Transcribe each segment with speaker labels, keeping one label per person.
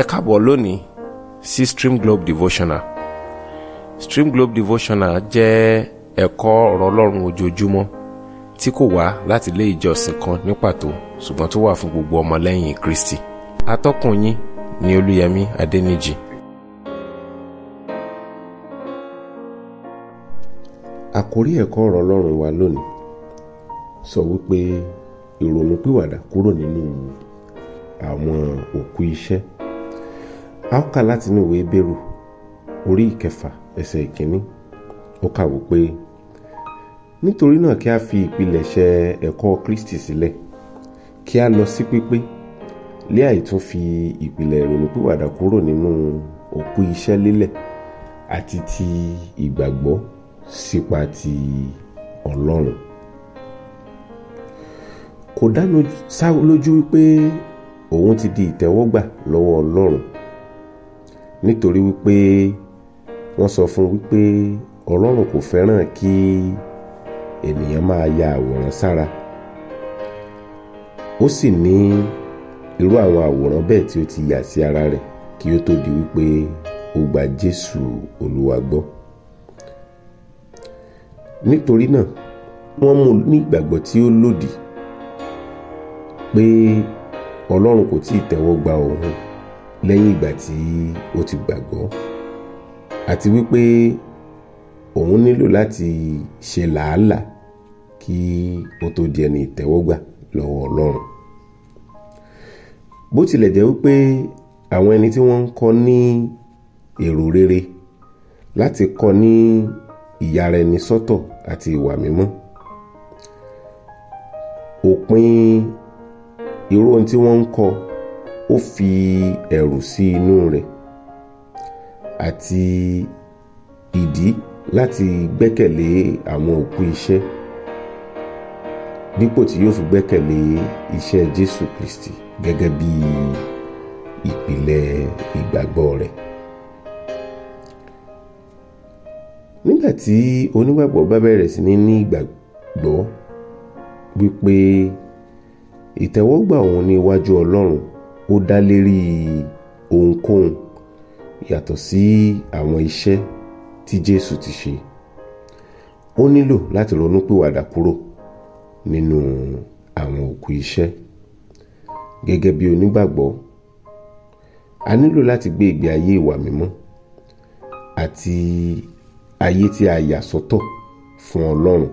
Speaker 1: ẹ káàbọ̀ lónìí sí Stream Globe Devotional Stream Globe Devotional jẹ́ ẹ̀kọ́ ọ̀rọ̀ ọlọ́run ojoojúmọ́ tí kò wá láti ilé ìjọsìn kan ní pàtó ṣùgbọ́n tó wà fún gbogbo ọmọlẹ́yìn Kristi atọ́kùn yín ni Olúyẹmí Adẹ́nìjì. àkórí ẹ̀kọ́ ọ̀rọ̀ ọlọ́run wa lónìí sọ wípé ìrònú pìwàdà kúrò nínú àwọn òkú iṣẹ́ a ó kà láti inú ìwé bẹ́rù orí ìkẹfà ẹsẹ̀ ìkíní ó kà wò pé nítorí náà kí a fi ìpilẹ̀ṣẹ̀ ẹ̀kọ́ kristi sílẹ̀ kí a lọ sí pípé lé àìtún fi ìpìlẹ̀ ìrònúpìwàdà kúrò nínú òkú iṣẹ́ lélẹ̀ àti ti ìgbàgbọ́ sípa ti ọlọ́run kò dá lójú wípé òun ti di ìtẹ́wọ́gbà lọ́wọ́ ọlọ́run nítorí wípé wọ́n sọ fún wípé ọlọ́run kò fẹ́ràn kí ènìyàn máa ya àwòrán sára ó sì ní irú àwọn àwòrán bẹ́ẹ̀ tí ó ti yà sí ara rẹ̀ kí ó tó di wípé ó gba Jésù Olúwa gbọ́ nítorí náà wọ́n mú ní ìgbàgbọ́ tí ó lòdì pé ọlọ́run kò tí ì tẹ́wọ́ gba òun lẹ́yìn ìgbà tí ó ti gbàgbọ́ àti wípé òun nílò láti ṣe làálàá kí ó tó di ẹni ìtẹ́wọ́gbà lọ́wọ́ Ọlọ́run bó tilẹ̀ jẹ́ wípé àwọn ẹni tí wọ́n ń kọ́ ní èrò rere láti kọ́ ní ìyára ẹni sọ́tọ̀ àti ìwà mímọ́ òpin irú ohun tí wọ́n ń kọ́ ó fi ẹ̀rù sí inú rẹ̀ àti ìdí láti gbẹ́kẹ̀lé àwọn òkú iṣẹ́ dípò tí yóò fi gbẹ́kẹ̀lé iṣẹ́ Jésù Kristi gẹ́gẹ́ bí ìpìlẹ̀ ìgbàgbọ́ rẹ̀. nígbà tí onígbàgbọ́ bá bẹ̀rẹ̀ sí ní ní ìgbàgbọ́ wípé ìtẹ́wọ́gbà òun ní iwájú Ọlọ́run ó dá lérí ohunkóhun yàtọ̀ sí àwọn iṣẹ́ tí Jésù ti ṣe ó nílò láti ronúpìwàdà kúrò nínú àwọn òkú iṣẹ́ gẹ́gẹ́ bí onígbàgbọ́ a nílò láti gbé ìgbé ayé ìwà mímọ́ àti ayé tí a yà sọ́tọ̀ fún Ọlọ́run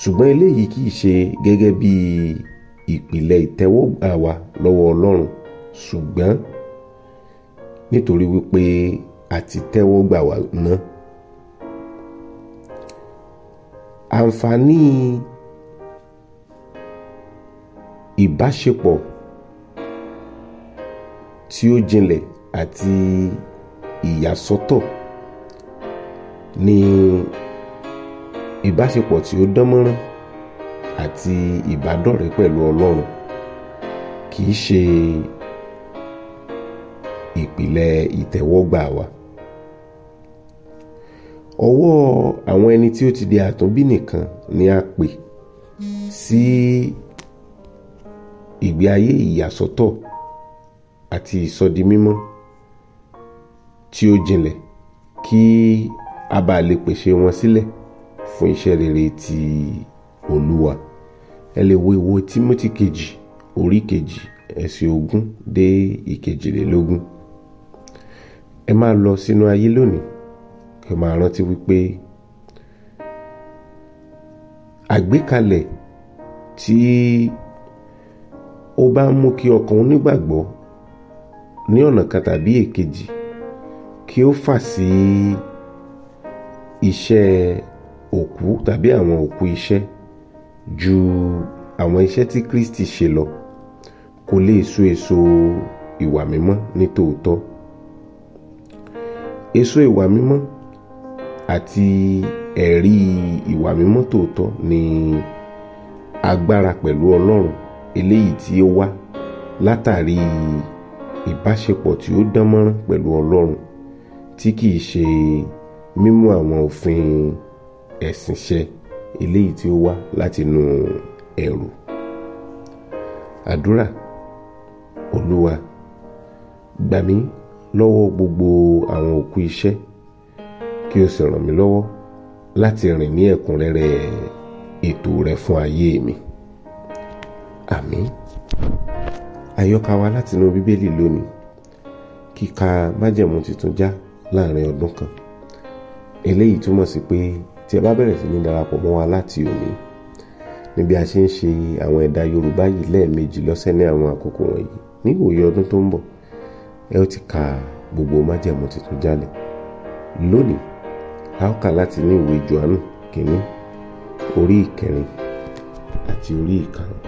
Speaker 1: ṣùgbọ́n eléyìí kì í ṣe gẹ́gẹ́ bí ìpìlẹ̀ ìtẹ́wọ́gbà wa lọ́wọ́ Ọlọ́run ṣùgbọ́n nítorí wípé a ti tẹ́wọ́gbà wa mọ́ àǹfààní ìbáṣepọ̀ tí ó jinlẹ̀ àti ìyàsọ́tọ̀ ni ìbáṣepọ̀ tí ó dán àti ìbádọ̀rẹ́ pẹ̀lú Ọlọ́run kì í ṣe ìpìlẹ̀ ìtẹ́wọ́gbà wa ọwọ́ àwọn ẹni tí ó ti di àtúnbí nìkan ni a pè sí ìgbé ayé ìyàsọ́tọ̀ àti ìsọdimímọ́ tí ó jinlẹ̀ kí a bá lè pèsè wọn sílẹ̀ fún iṣẹ́ rere ti Olúwa ẹ lè wo ìwo Tímótì kejì orí kejì ẹsẹ̀ ogún dé ìkejìlélógún ẹ máa lọ sínú ayé lónìí kẹ máa rántí wípé àgbékalẹ̀ tí ó bá ń mú kí ọkàn onígbàgbọ́ ní ọ̀nà kan tàbí èkejì kí ó fà sí iṣẹ́ òkú tàbí àwọn òkú iṣẹ́ ju àwọn iṣẹ́ tí Kristi ṣe lọ kò lè so èso ìwà mímọ́ ní tòótọ́ èso ìwà mímọ́ àti ẹ̀rí ìwà mímọ́ tòótọ́ ni agbára pẹ̀lú Ọlọ́run eléyìí tí ó wá látàrí ìbáṣepọ̀ tí ó dán mọ́rán pẹ̀lú Ọlọ́run tí kìí ṣe mímú àwọn òfin ẹ̀sìn ṣẹ eléyìí tí ó wá látinú ẹ̀rù àdúrà olúwa gbà mí lọ́wọ́ gbogbo àwọn òkú iṣẹ́ kí o sì ràn mí lọ́wọ́ láti rìn ní ẹ̀kúnrẹ́rẹ́ ètò rẹ fún ayé mi àmín àyọkà wa látinú bíbélì lónìí kíka májẹ̀mú tuntun já láàrin ọdún kan eléyìí túmọ̀ sí pé tí ẹ bá bẹ̀rẹ̀ sí ní darapọ̀ mọ́ wa láti òní níbi a ṣe ń ṣe àwọn ẹ̀dà Yorùbá yìí lẹ́ẹ̀mejì lọ́sẹ̀ ní àwọn àkókò wọ̀nyí ní ìwòye ọdún tó ń bọ̀ ẹ ó ti ka gbogbo májẹ̀mú tuntun jálẹ̀ lónìí a ó kà láti ní ìwé Jòhánù kìíní orí ìkẹrin àti orí ìkarùn.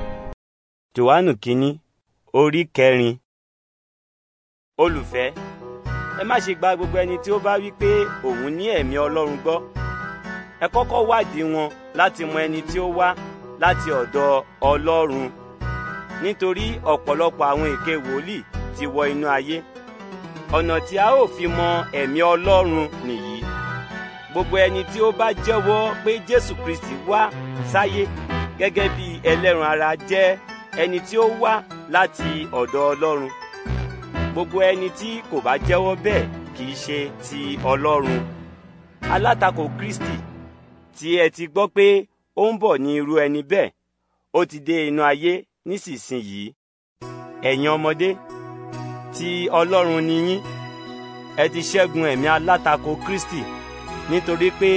Speaker 2: Jòhánù kìíní orí kẹrin olùfẹ́ ẹ má ṣe gba gbogbo ẹni tí ó bá wí pé òun ní ẹ̀mí Ọlọ́run gbọ́ ẹ kọ́kọ́ wádìí wọn láti mọ ẹni tí ó wá láti ọ̀dọ̀ Ọlọ́run nítorí ọ̀pọ̀lọpọ̀ àwọn èké wòlíì ti wọ inú ayé ọ̀nà tí a ó fi mọ ẹ̀mí Ọlọ́run nìyí gbogbo ẹni tí ó bá jẹ́wọ́ pé Jésù Kristi wá sáyé gẹ́gẹ́ bí ẹlẹ́ran ara jẹ́ ẹni tí ó wá láti ọ̀dọ̀ Ọlọ́run gbogbo ẹni tí kò bá jẹ́wọ́ bẹ́ẹ̀ kì í ṣe ti Ọlọ́run alátakò Kristi tí ẹ ti gbọ́ pé ó ń bọ̀ ní irú ẹni bẹ́ẹ̀ ó ti dé inú ayé nísinsìnyí ẹ̀yin ọmọdé ti Ọlọ́run ni yín ẹ ti ṣẹ́gun ẹ̀mí alátakò Kristi nítorí pé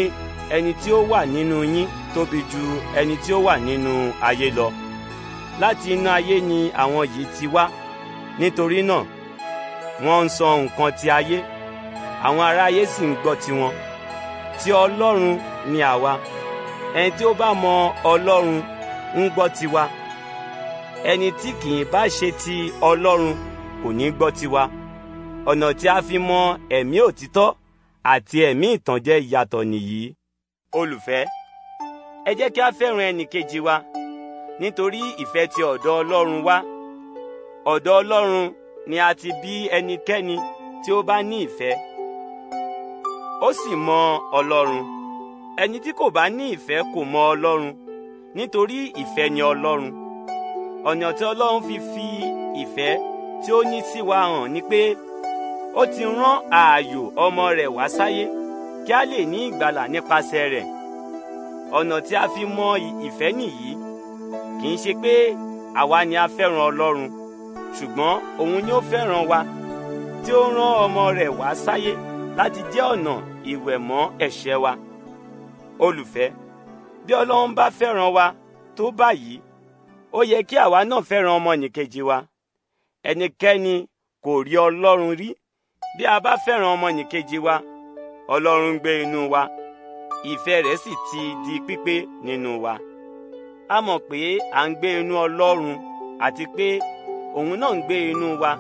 Speaker 2: ẹni tí ó wà nínú yín tóbi ju ẹni tí ó wà nínú ayé lọ láti inú ayé ni àwọn yìí ti wá nítorí náà wọ́n ń sọ nǹkan ti ayé àwọn aráyé sì ń gbọ́ tiwọn ti Ọlọ́run ni àwa ẹni tí ó bá mọ Ọlọ́run ń gbọ́ tiwa ẹni tí kì í bá ṣe ti Ọlọ́run kò ní gbọ́ tiwa ọ̀nà tí a fi mọ ẹ̀mí òtítọ́ àti ẹ̀mí ìtànjẹ yàtọ̀ nìyí olùfẹ́ ẹ jẹ́ kí a fẹ́ràn ẹnìkejì wa nítorí ìfẹ́ ti ọ̀dọ̀ Ọlọ́run wá ọ̀dọ̀ Ọlọ́run ni a ti bí ẹnikẹ́ni tí ó bá ní ìfẹ́ ó sì mọ Ọlọ́run ẹni tí kò bá ní ìfẹ́ kò mọ Ọlọ́run nítorí ìfẹ́ ni Ọlọ́run ọ̀nà tí Ọlọ́run fi fi ìfẹ́ tí ó ní sí wa hàn ni pé ó ti rán ààyò ọmọ rẹ̀ wá sáyé kí a lè ní ìgbàlà nípasẹ̀ rẹ̀ ọ̀nà tí a fi mọ ìfẹ́ nìyí kì í ṣe pé àwa ni a fẹ́ràn Ọlọ́run ṣùgbọ́n òun ni ó fẹ́ràn wa tí ó rán ọmọ rẹ̀ wá sáyé láti jẹ́ ọ̀nà ìwẹ̀mọ́ ẹ̀ṣẹ̀ wa olùfẹ́ bí ọlọ́run bá fẹ́ràn wa tó báyìí ó yẹ kí àwa náà fẹ́ràn ọmọnìkejì wa ẹnikẹ́ni kò rí ọlọ́run rí bí a bá fẹ́ràn ọmọnìkejì wa ọlọ́run gbé inú wa ìfẹ́ rẹ̀ sì ti di pípé nínú wa a mọ̀ pé à ń gbé inú ọlọ́run àti pé òun náà ń gbé inú wa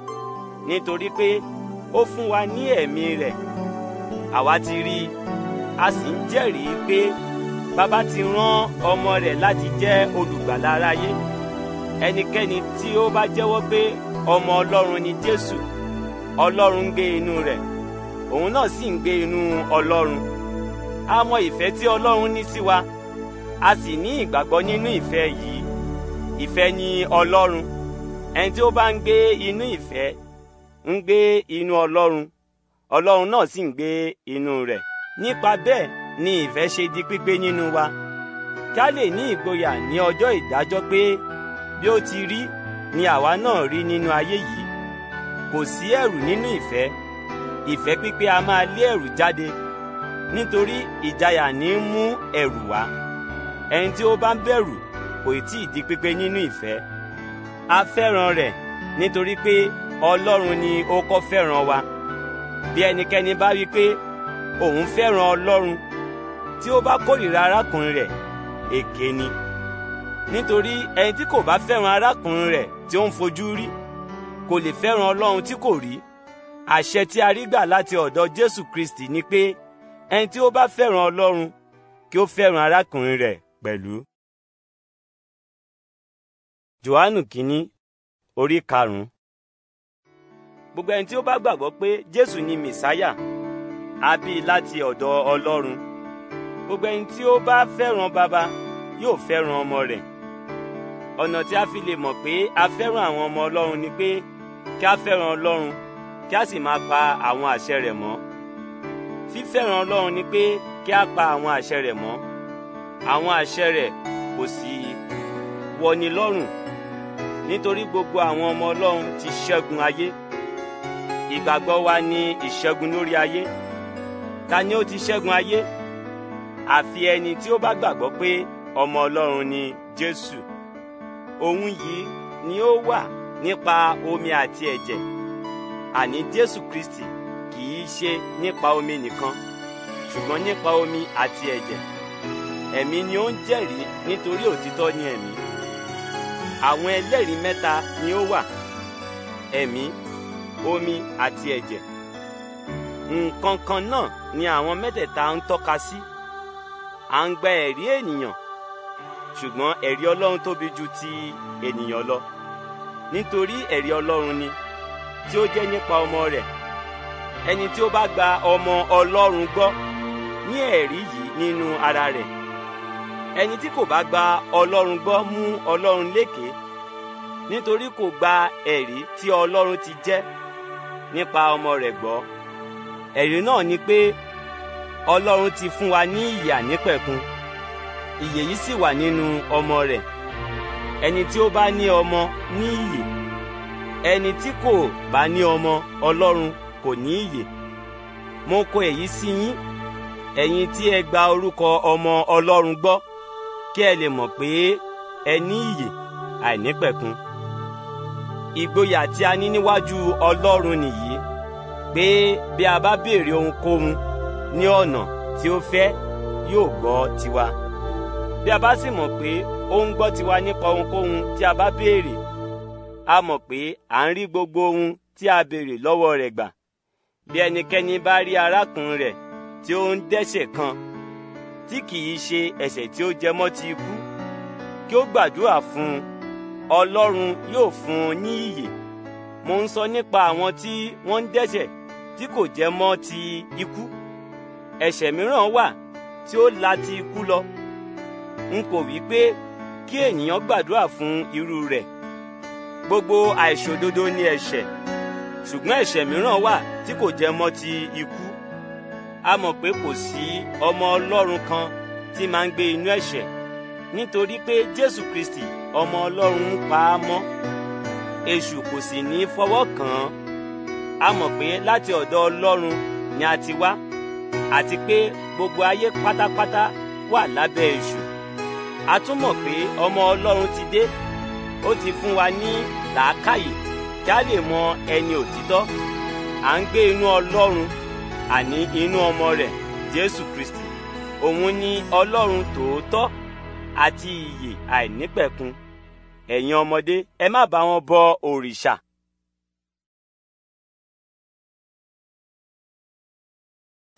Speaker 2: nítorí pé ó fún wa ní ẹ̀mí rẹ̀ àwa ti rí i a sì ń jẹ́rìí pé bàbá ti rán ọmọ rẹ̀ láti jẹ́ olùgbàlà aráyé ẹnikẹ́ni tí ó bá jẹ́wọ́ pé ọmọ ọlọ́run ni jésù ọlọ́run ń gbé inú rẹ̀ òun náà sì ń gbé inú ọlọ́run a mọ ìfẹ́ tí ọlọ́run ní sí wa a sì ní ìgbàgbọ́ nínú ìfẹ́ yìí ìfẹ́ ni ọlọ́run ẹni tí ó bá ń gbé inú ìfẹ́ ń gbé inú ọlọ́run ọlọ́run náà sì ń gbé inú rẹ̀ nípa bẹ́ẹ̀ ni ìfẹ́ ṣe di pípé nínú wa kí a lè ní ìgboyà ní ọjọ́ ìdájọ́ pé bí ó ti rí ni àwa náà rí nínú ayé yìí kò sí ẹ̀rù nínú ìfẹ́ ìfẹ́ pípé a máa lé ẹ̀rù jáde nítorí ìjayà ní í mú ẹ̀rù wá ẹni tí ó bá ń bẹ̀rù kò tí ì di pípé nínú ìfẹ́ a fẹ́ràn rẹ̀ nítorí pé Ọlọ́run ni ó kọ́ fẹ́ràn wa bí ẹnikẹ́ni bá wí pé òun fẹ́ràn ọlọ́run tí ó bá kórìíra arákùnrin rẹ̀ èké ni nítorí ẹni tí kò bá fẹ́ràn arákùnrin rẹ̀ tí ó ń fojú rí kò lè fẹ́ràn ọlọ́run tí kò rí àṣẹ tí a rí gbà láti ọ̀dọ̀ jésù kristi ni pé ẹni tí ó bá fẹ́ràn ọlọ́run kí ó fẹ́ràn arákùnrin rẹ̀ pẹ̀lú. johannu kínní orí karùn-ún gbogbo ẹni tí ó bá gbàgbọ́ pé jésù ni mèsáyà a bí láti ọ̀dọ̀ Ọlọ́run gbogbo ẹni tí ó bá fẹ́ràn baba yóò fẹ́ràn ọmọ rẹ̀ ọ̀nà tí a fi lè mọ̀ pé a fẹ́ràn àwọn ọmọ Ọlọ́run ni pé kí a fẹ́ràn Ọlọ́run kí a sì máa pa àwọn àṣẹ rẹ̀ mọ́ fífẹ́ràn Ọlọ́run ni pé kí a pa àwọn àṣẹ rẹ̀ mọ́ àwọn àṣẹ rẹ̀ kò sì wọni lọ́rùn nítorí gbogbo àwọn ọmọ Ọlọ́run ti ṣẹ́gun ayé ìgbàgbọ́ wa ni ìṣẹ́gun lórí ayé ta ni ó ti ṣẹ́gun ayé àfi ẹni tí ó bá gbàgbọ́ pé ọmọ ọlọ́run ni jésù òun yìí ni ó wà nípa omi àti ẹ̀jẹ̀ àní jésù kristi kì í ṣe nípa omi nìkan ṣùgbọ́n nípa omi àti ẹ̀jẹ̀ ẹ̀mí ni ó ń jẹ́rìí nítorí òtítọ́ ni ẹ̀mí àwọn ẹlẹ́rìí mẹ́ta ni ó wà ẹ̀mí omi àti ẹ̀jẹ̀ nǹkan kan náà ni àwọn mẹ́tẹ̀ẹ̀ta ń tọ́ka sí à ń gba ẹ̀rí ènìyàn ṣùgbọ́n ẹ̀rí ọlọ́run tóbi ju ti ènìyàn lọ nítorí ẹ̀rí ọlọ́run ni tí ó jẹ́ nípa ọmọ rẹ̀ ẹni tí ó bá gba ọmọ ọlọ́run gbọ́ ní ẹ̀rí yìí nínú ara rẹ̀ ẹni tí kò bá gba ọlọ́run gbọ́ mú ọlọ́run lékè nítorí kò gba ẹ̀rí tí ọlọ́run ti jẹ́ nípa ọmọ rẹ̀ gbọ́ ẹ̀rí náà ni pé ọlọ́run ti fún wa ní ìyè ànípẹ̀kun ìyè yìí sì wà nínú ọmọ rẹ̀ ẹni tí ó bá ní ọmọ ní ìyè ẹni tí kò bá ní ọmọ ọlọ́run kò ní ìyè mo kọ èyí sí yín ẹ̀yin tí ẹ gba orúkọ ọmọ ọlọ́run gbọ́ kí ẹ lè mọ̀ pé ẹ ní ìyè àìnípẹ̀kun ìgboyà tí a ní níwájú ọlọ́run nìyí pé bí a bá béèrè ohunkóhun ní ọ̀nà tí ó fẹ́ yóò gbọ́ tiwa bí a bá sì mọ̀ pé ó ń gbọ́ tiwa nípa ohunkóhun tí a bá béèrè a mọ̀ pé à ń rí gbogbo ohun tí a béèrè lọ́wọ́ rẹ̀ gbà bí ẹnikẹ́ni bá rí arákùnrin rẹ̀ tí ó ń dẹ́ṣẹ̀ kan tí kìí ṣe ẹ̀ṣẹ̀ tí ó jẹmọ́ ti ikú kí ó gbàdúrà fún un Ọlọ́run yóò fún un ní ìyè mo ń sọ nípa àwọn tí wọ́n ń dẹ́ṣẹ̀ tí kò jẹ́ mọ́ ti ikú ẹ̀ṣẹ̀ mìíràn wà tí ó la ti ikú lọ n kò wí pé kí ènìyàn gbàdúrà fún irú rẹ̀ gbogbo àìṣòdodo ni ẹ̀ṣẹ̀ ṣùgbọ́n ẹ̀ṣẹ̀ mìíràn wà tí kò jẹ́ mọ́ ti ikú a mọ̀ pé kò sí ọmọ Ọlọ́run kan tí máa ń gbé inú ẹ̀ṣẹ̀ nítorí pé Jésù Kristi ọmọ Ọlọ́run pa á mọ́ èṣù kò sì ní fọwọ́ kàn án a mọ̀ pé láti ọ̀dọ̀ ọlọ́run ni a ti wá àti pé gbogbo ayé pátápátá wà lábẹ́ èṣù a tún mọ̀ pé ọmọ ọlọ́run ti dé ó ti fún wa ní làákàyè kí a lè mọ ẹni òtítọ́ à ń gbé inú ọlọ́run àní inú ọmọ rẹ̀ jésù kristi òun ni ọlọ́run tòótọ́ àti ìyè àìnípẹ̀kun ẹ̀yin ọmọdé ẹ má bá wọn bọ òrìṣà